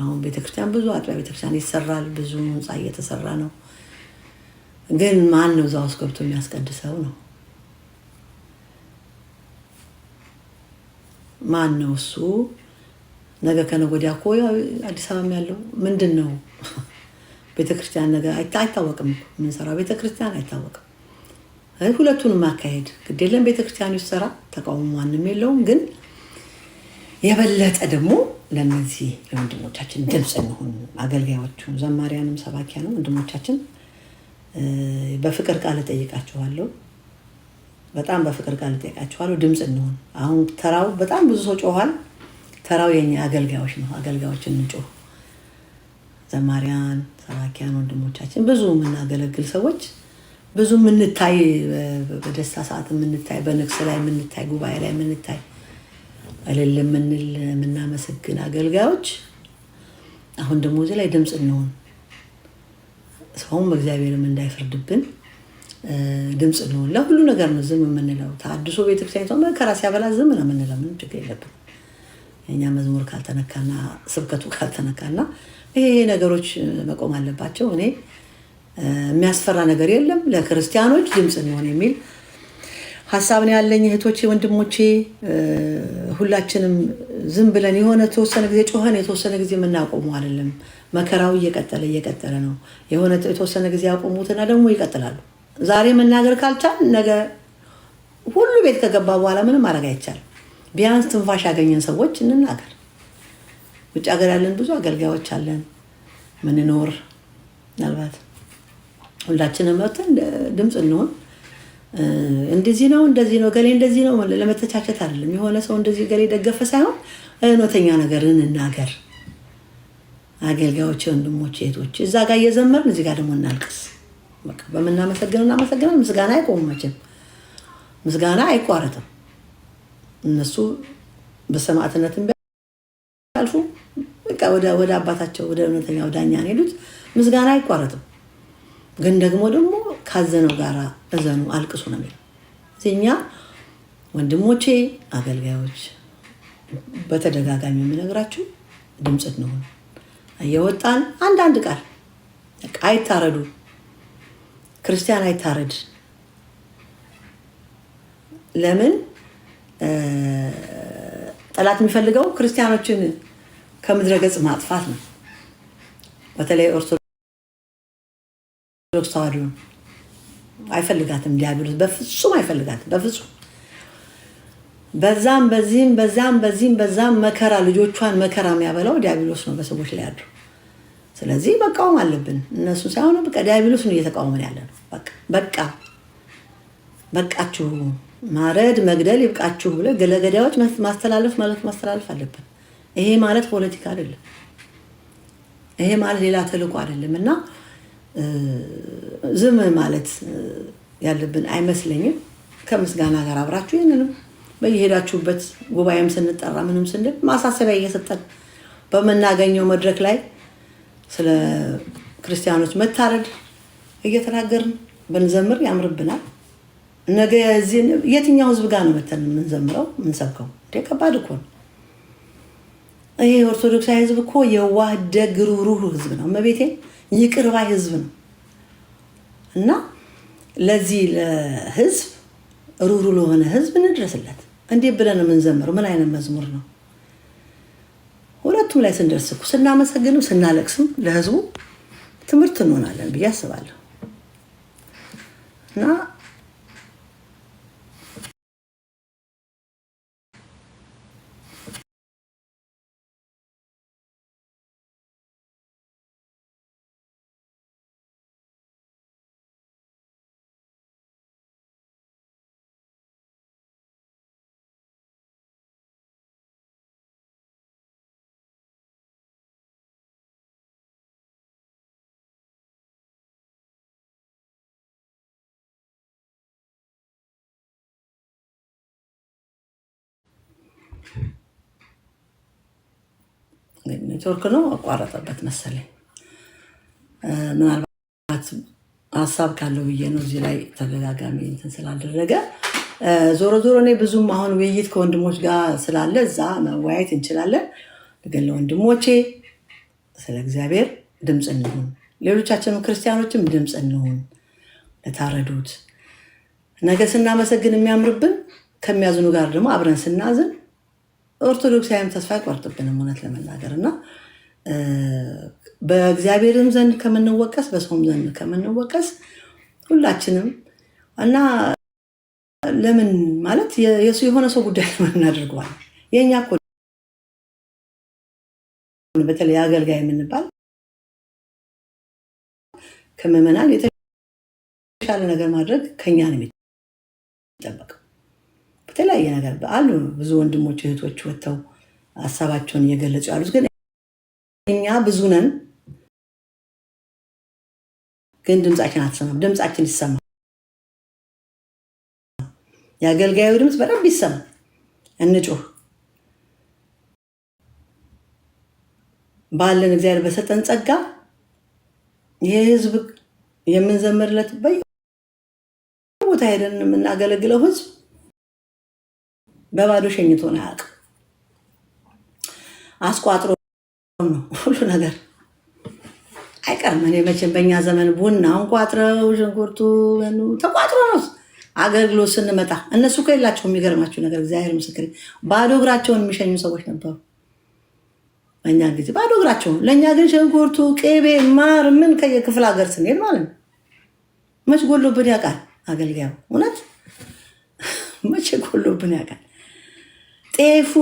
አሁን ቤተክርስቲያን ብዙ አጥቢያ ቤተክርስቲያን ይሰራል። ብዙ ህንፃ እየተሰራ ነው። ግን ማን ነው እዛ ውስጥ ገብቶ የሚያስቀድሰው ነው? ማን ነው እሱ? ነገ ከነገ ወዲያ እኮ አዲስ አበባም ያለው ምንድን ነው ቤተክርስቲያን ነገ አይታወቅም። የምንሰራው ቤተክርስቲያን አይታወቅም። ሁለቱንም ማካሄድ ግድ የለም። ቤተክርስቲያኑ ይሰራ፣ ተቃውሞ ማንም የለውም። ግን የበለጠ ደግሞ ለነዚህ ለወንድሞቻችን ድምፅ እንሆን። አገልጋዮቹ ዘማሪያንም ሰባኪያንም ወንድሞቻችን በፍቅር ቃል እጠይቃችኋለሁ፣ በጣም በፍቅር ቃል እጠይቃችኋለሁ። ድምፅ እንሆን። አሁን ተራው በጣም ብዙ ሰው ጮኋል። ተራው የኛ አገልጋዮች ነው። አገልጋዮችን እንጮህ። ዘማሪያን ሰባኪያን ወንድሞቻችን ብዙ የምናገለግል ሰዎች ብዙ የምንታይ በደስታ ሰዓት የምንታይ በንግስ ላይ የምንታይ ጉባኤ ላይ የምንታይ እልል የምንል የምናመሰግን አገልጋዮች፣ አሁን ደግሞ እዚህ ላይ ድምፅ እንሆን፣ ሰውም እግዚአብሔርም እንዳይፈርድብን ድምፅ እንሆን። ለሁሉ ነገር ነው ዝም የምንለው። ተአድሶ ቤተክርስቲያን መከራ ሲያበላ ዝም ነው የምንለው። ምንም ችግር የለብን እኛ መዝሙር ካልተነካና ስብከቱ ካልተነካና ይሄ ነገሮች መቆም አለባቸው። እኔ የሚያስፈራ ነገር የለም። ለክርስቲያኖች ድምፅ እንሆን የሚል ሀሳብ ነው ያለኝ። እህቶቼ ወንድሞቼ፣ ሁላችንም ዝም ብለን የሆነ የተወሰነ ጊዜ ጮኸን የተወሰነ ጊዜ የምናቆመው አይደለም። መከራው እየቀጠለ እየቀጠለ ነው። የሆነ የተወሰነ ጊዜ ያቆሙትና ደግሞ ይቀጥላሉ። ዛሬ መናገር ካልቻል ነገ ሁሉ ቤት ከገባ በኋላ ምንም ማድረግ አይቻልም። ቢያንስ ትንፋሽ ያገኘን ሰዎች እንናገር። ውጭ ሀገር ያለን ብዙ አገልጋዮች አለን ምንኖር ምናልባት ሁላችንም መብትን ድምፅ እንሆን እንደዚህ ነው እንደዚህ ነው ገሌ እንደዚህ ነው ለመተቻቸት አይደለም። የሆነ ሰው እንደዚህ ገሌ ደገፈ ሳይሆን እውነተኛ ነገርን እናገር። አገልጋዮች፣ ወንድሞች፣ ሴቶች እዛ ጋር እየዘመርን እዚህ ጋር ደግሞ እናልቅስ። በምናመሰግን እናመሰግናል። ምስጋና አይቆምም መቼም ምስጋና አይቋረጥም። እነሱ በሰማዕትነትም ቢያልፉ ወደ አባታቸው ወደ እውነተኛው ዳኛ ሄዱት። ምስጋና አይቋረጥም። ግን ደግሞ ደግሞ ካዘነው ጋር እዘኑ፣ አልቅሱ ነው የሚለው። እዚህ እኛ ወንድሞቼ አገልጋዮች በተደጋጋሚ የሚነግራችሁ ድምፅት ነው እየወጣን አንዳንድ ቃል አይታረዱ፣ ክርስቲያን አይታረድ። ለምን ጠላት የሚፈልገው ክርስቲያኖችን ከምድረ ገጽ ማጥፋት ነው። በተለይ ኦርቶዶክስ ኦርቶዶክስ ተዋህዶ አይፈልጋትም። ዲያብሎስ በፍጹም አይፈልጋትም። በፍጹም በዛም በዚህም በዛም በዚህም በዛም መከራ ልጆቿን መከራ የሚያበላው ዲያብሎስ ነው በሰዎች ላይ ያሉ። ስለዚህ መቃወም አለብን እነሱ ሳይሆኑ በቃ ዲያብሎስ ነው እየተቃወመን ያለ ነው። በቃ በቃችሁ፣ ማረድ መግደል ይብቃችሁ ብለ ገለገዳዎች ማስተላለፍ ማለት ማስተላለፍ አለብን። ይሄ ማለት ፖለቲካ አይደለም። ይሄ ማለት ሌላ ተልዕኮ አይደለም እና ዝም ማለት ያለብን አይመስለኝም። ከምስጋና ጋር አብራችሁ ይህንንም በየሄዳችሁበት ጉባኤም ስንጠራ ምንም ስንል ማሳሰቢያ እየሰጠን በምናገኘው መድረክ ላይ ስለ ክርስቲያኖች መታረድ እየተናገርን ብንዘምር ያምርብናል። ነገ የትኛው ህዝብ ጋር ነው መተን የምንዘምረው የምንሰብከው? እንዴ ከባድ እኮ ነው። ይሄ ኦርቶዶክሳዊ ህዝብ እኮ የዋህ ደግ ሩህሩህ ህዝብ ነው። እመቤቴን ይቅር ህዝብ ነው እና ለዚህ ለህዝብ ሩሩ ለሆነ ህዝብ እንድረስለት። እንዴት ብለን የምንዘምረው ምን አይነት መዝሙር ነው? ሁለቱም ላይ ስንደርስ እኮ ስናመሰግንም ስናለቅስም ለህዝቡ ትምህርት እንሆናለን ብዬ አስባለሁ እና ኔትወርክ ነው አቋረጠበት መሰለኝ። ምናልባት ሀሳብ ካለው ብዬ ነው እዚህ ላይ ተደጋጋሚ እንትን ስላልደረገ ዞሮ ዞሮ እኔ ብዙም አሁን ውይይት ከወንድሞች ጋር ስላለ እዛ መወያየት እንችላለን። ግን ለወንድሞቼ ስለ እግዚአብሔር ድምፅ እንሁን፣ ሌሎቻችንም ክርስቲያኖችም ድምፅ እንሁን ለታረዱት። ነገ ስናመሰግን የሚያምርብን ከሚያዝኑ ጋር ደግሞ አብረን ስናዝን ኦርቶዶክሳዊም ተስፋ አይቆርጥብንም እውነት ለመናገር እና በእግዚአብሔርም ዘንድ ከምንወቀስ በሰውም ዘንድ ከምንወቀስ ሁላችንም እና ለምን ማለት የሱ የሆነ ሰው ጉዳይ ለምን እናደርገዋል? የእኛ እኮ በተለይ አገልጋይ የምንባል ከምዕመናን የተሻለ ነገር ማድረግ ከኛ ነው የሚጠበቀው። በተለያየ ነገር አሉ። ብዙ ወንድሞች እህቶች ወጥተው ሀሳባቸውን እየገለጹ ያሉት ግን እኛ ብዙ ነን፣ ግን ድምፃችን አትሰማም። ድምፃችን ይሰማ፣ የአገልጋዩ ድምፅ በደንብ ይሰማ። እንጩህ ባለን እግዚአብሔር በሰጠን ጸጋ ይህ ህዝብ የምንዘምርለት በየ ቦታ ሄደን የምናገለግለው ህዝብ በባዶ ነው አያውቅም። አስቋጥሮ ነው ሁሉ ነገር አይቀርም። እኔ መቼም በእኛ ዘመን ቡናውን ቋጥረው ሽንኩርቱ ተቋጥሮ ነው አገልግሎት ስንመጣ እነሱ ከሌላቸው የሚገርማቸው ነገር እግዚአብሔር ምስክር ባዶ እግራቸውን የሚሸኙ ሰዎች ነበሩ። በእኛ ጊዜ ባዶ እግራቸውን። ለእኛ ግን ሽንኩርቱ፣ ቅቤ፣ ማር ምን ከየክፍለ ሀገር ስንሄድ ማለት ነው መች ጎሎብን ያውቃል አገልጋዩ እውነት መቼ ጎሎብን ያውቃል። ጤፉ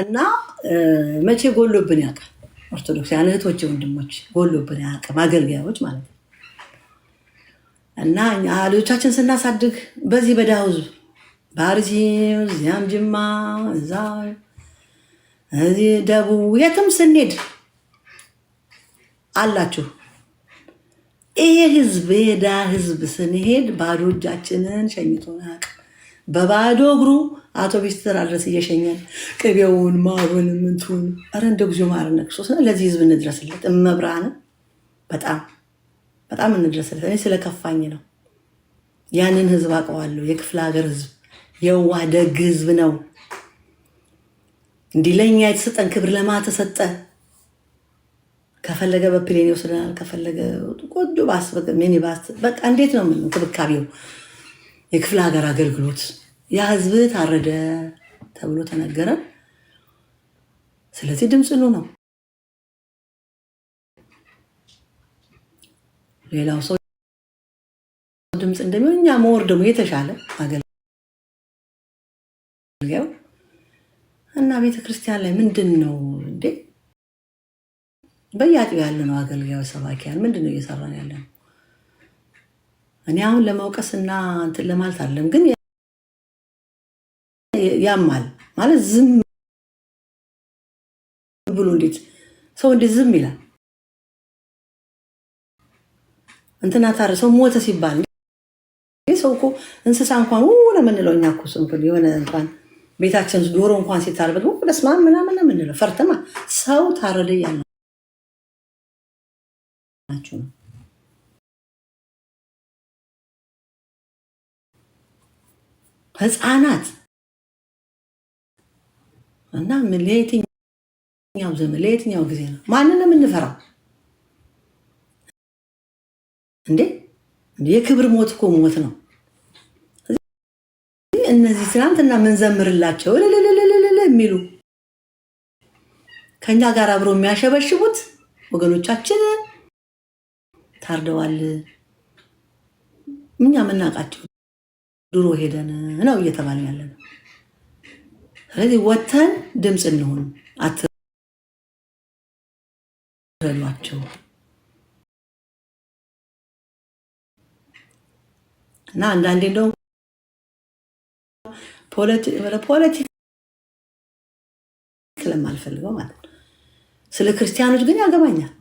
እና መቼ ጎሎብን ያውቃል። ኦርቶዶክሳውያን እህቶች፣ ወንድሞች ጎሎብን አያውቅም። አገልጋዮች ማለት ነው። እና ልጆቻችን ስናሳድግ በዚህ በዳውዙ ሕዝብ በአርሲ እዚያም ጅማ እዛ እዚህ ደቡብ የትም ስንሄድ አላችሁ ይሄ ህዝብ የዳ ህዝብ ስንሄድ ባዶ እጃችንን ሸኝቶን አያውቅም። በባዶ እግሩ አቶ ተራ አድረስ እየሸኘን ቅቤውን ማሩን ምንቱን ረ እንደ ጉዞ ማረነ ክርስቶስ ለዚህ ህዝብ እንድረስለት እመብርሃን በጣም በጣም እንድረስለት። እኔ ስለከፋኝ ነው። ያንን ህዝብ አውቀዋለሁ። የክፍለ ሀገር ህዝብ የዋህ ደግ ህዝብ ነው። እንዲህ ለእኛ የተሰጠን ክብር ለማ ተሰጠ ከፈለገ በፕሌን ይወስደናል። ከፈለገ ቆንጆ ባስ ሚኒባስ፣ በቃ እንዴት ነው ምን እንክብካቤው የክፍለ ሀገር አገልግሎት ያ ህዝብ ታረደ ተብሎ ተነገረ። ስለዚህ ድምፅ ኑ ነው። ሌላው ሰው ድምፅ እንደሚሆን እኛ መወር ደግሞ የተሻለ አገልጋዩ እና ቤተክርስቲያን ላይ ምንድን ነው እንዴ በየአጥቢያ ያለ ነው አገልጋዮች፣ ሰባኪያን ምንድን ነው እየሰራን ያለ ነው? እኔ አሁን ለመውቀስ እና እንትን ለማለት አለም፣ ግን ያማል ማለት ዝም ብሎ እንዴት ሰው እንዴት ዝም ይላል? እንትና ታረ ሰው ሞተ ሲባል ሰው እኮ እንስሳ እንኳን ውለ ምንለው እኛ እኮ ስንል የሆነ እንኳን ቤታችን ዶሮ እንኳን ሲታርበት ደስማ ምናምን ምንለው ፈርተማ ሰው ታረደ ያለ ናችሁ ነው። ህፃናት እና ለየትኛው ዘመን ለየትኛው ጊዜ ነው ማንን የምንፈራው እንዴ? የክብር ሞት እኮ ሞት ነው። እነዚህ ትናንትና ምንዘምርላቸው ለለለለለለ የሚሉ ከእኛ ጋር አብሮ የሚያሸበሽቡት ወገኖቻችን ታርደዋል። እኛ የምናውቃቸው ድሮ ሄደን ነው እየተባለ ያለ ነው። ስለዚህ ወተን ድምፅ እንሆን፣ አትረዷቸው እና አንዳንዴ እንደው ፖለቲክ ለማልፈልገው ማለት ነው። ስለ ክርስቲያኖች ግን ያገባኛል።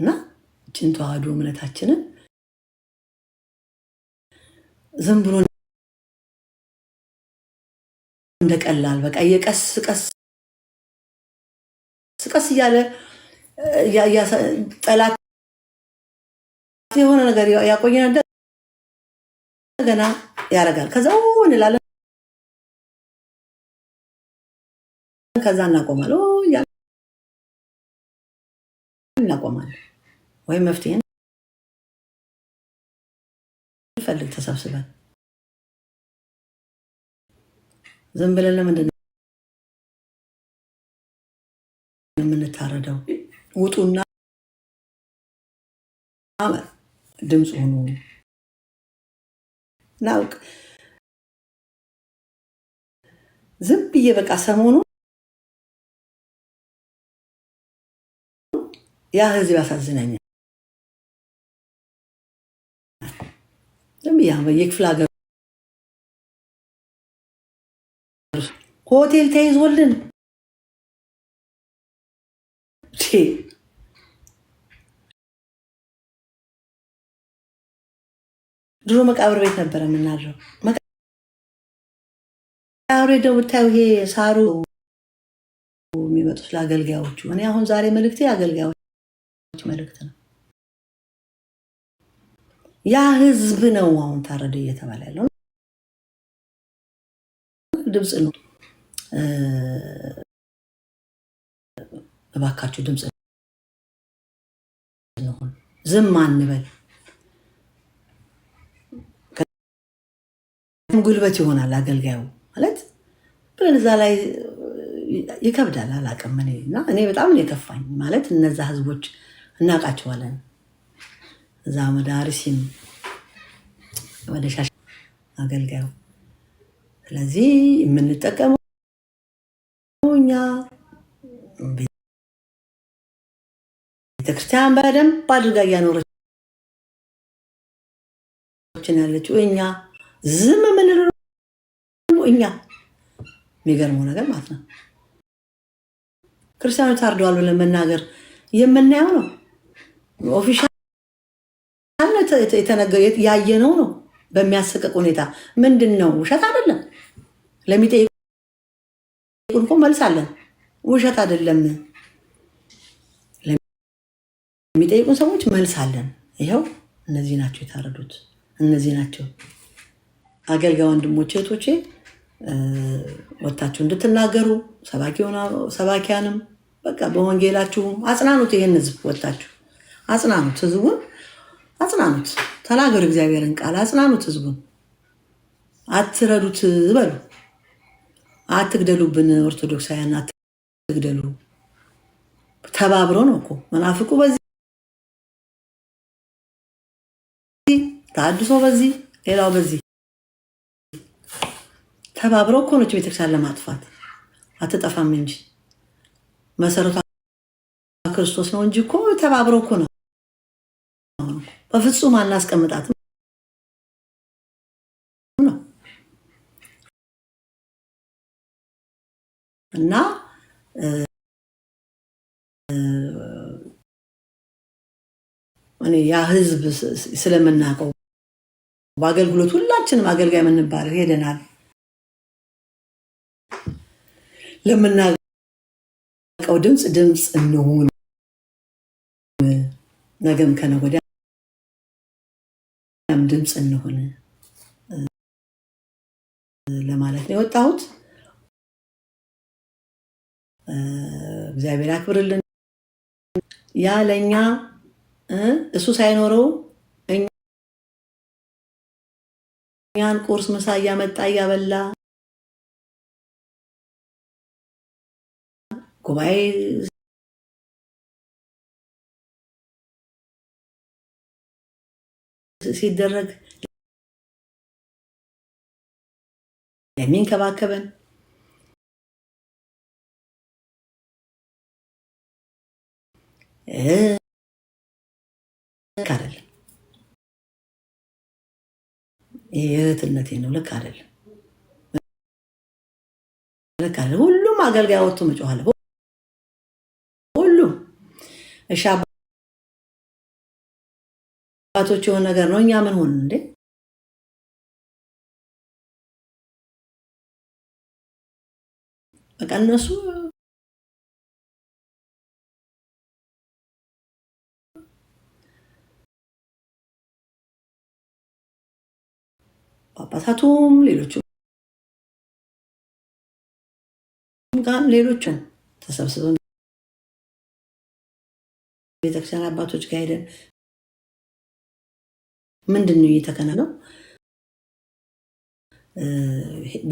እና እችን ተዋህዶ እምነታችንን ዝም ብሎ እንደቀላል በቃ የቀስ ቀስ ቀስ እያለ ጠላት የሆነ ነገር ያቆየናል፣ ገና ያደርጋል። ከዛ እንላለን፣ ከዛ እናቆማል፣ እናቆማለን። ወይም መፍትሄን እንፈልግ ተሰብስበን። ዝም ብለን ለምንድን የምንታረደው? ውጡና ድምፅ ሆኑ ናውቅ ዝም ብዬ በቃ ሰሞኑ ያ ህዝብ ያሳዝነኛል። ዝም ብዬ የክፍለ ሀገር ሆቴል ተይዞልን ድሮ መቃብር ቤት ነበረ የምናድረው። መቃብር ቤት ደግሞ ብታዩ ይሄ ሳሩ የሚመጡት ለአገልጋዮቹ። እኔ አሁን ዛሬ መልእክቴ የአገልጋዮች መልእክት ነው። ያ ህዝብ ነው አሁን ታረደ እየተባለ ያለው ድምፅ ነው። እባካችሁ ድምፅ እንሆን፣ ዝም አንበል። ጉልበት ይሆናል አገልጋዩ ማለት ብለን እዛ ላይ ይከብዳል። አላቅም እኔ እና እኔ በጣም ነው የከፋኝ ማለት እነዛ ህዝቦች እናውቃቸዋለን። እዛ ወደ ወደ ሻሽ አገልጋዩ። ስለዚህ የምንጠቀመው እኛ ቤተክርስቲያን በደንብ አድርጋ እያኖረችን ያለችው እኛ ዝም የምንለው እኛ። የሚገርመው ነገር ማለት ነው ክርስቲያኖች ታርደዋል ብለን መናገር የምናየው ነው ኦፊሻል ያየነው ነው። በሚያሰቀቅ ሁኔታ ምንድን ነው ውሸት አይደለም። ለሚጠይቁን እኮ መልስ አለን። ውሸት አይደለም። ለሚጠይቁን ሰዎች መልስ አለን። ይኸው እነዚህ ናቸው የታረዱት፣ እነዚህ ናቸው አገልጋይ ወንድሞቼ እህቶቼ ወታቸው እንድትናገሩ ሰባኪያንም በቃ በወንጌላችሁም አጽናኑት። ይህን ህዝብ ወታችሁ አጽናኑት ህዝቡን አጽናኑት፣ ተናገሩ እግዚአብሔርን ቃል አጽናኑት፣ ህዝቡን አትረዱት በሉ። አትግደሉብን፣ ኦርቶዶክሳውያን አትግደሉ። ተባብሮ ነው እኮ መናፍቁ በዚህ ተአድሶ በዚህ ሌላው በዚህ ተባብሮ እኮ ነች ቤተክርስቲያን ለማጥፋት አትጠፋም እንጂ መሰረቷ ክርስቶስ ነው እንጂ እኮ ተባብሮ እኮ ነው። በፍጹም አናስቀምጣትም ነው እና እኔ ያ ህዝብ ስለምናውቀው በአገልግሎት ሁላችንም አገልጋይ የምንባለው ሄደናል። ለምናውቀው ድምፅ ድምፅ እንሆን ነገም ከነገ ወዲያ ም ድምፅ እንሆን ለማለት ነው የወጣሁት። እግዚአብሔር አክብርልን ያ ለእኛ እሱ ሳይኖረው እኛን ቁርስ፣ ምሳ እያመጣ እያበላ ጉባኤ ሲደረግ ለሚንከባከበን ልክ አይደለም። የእህትነቴ ነው። ልክ አይደለም። ልክ አይደለም። ሁሉም አገልጋይ ወጥቶ ሁሉም እሻ አባቶች የሆነ ነገር ነው። እኛ ምን ሆን እንዴ? በቃ እነሱ አባታቱም ሌሎቹ ጋር ሌሎቹን ተሰብስበን ቤተክርስቲያን አባቶች ጋር ሄደን ምንድን ነው እየተከነ ነው? ሄድ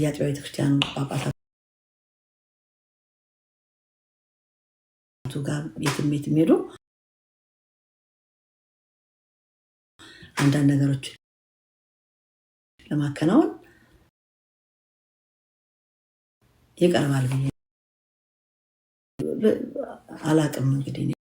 የአጥቢያ ቤተክርስቲያኑ ጳጳሳቱ ጋር የትም ቤት የሚሄዱ አንዳንድ ነገሮች ለማከናወን ይቀርባል ብዬ አላቅም እንግዲህ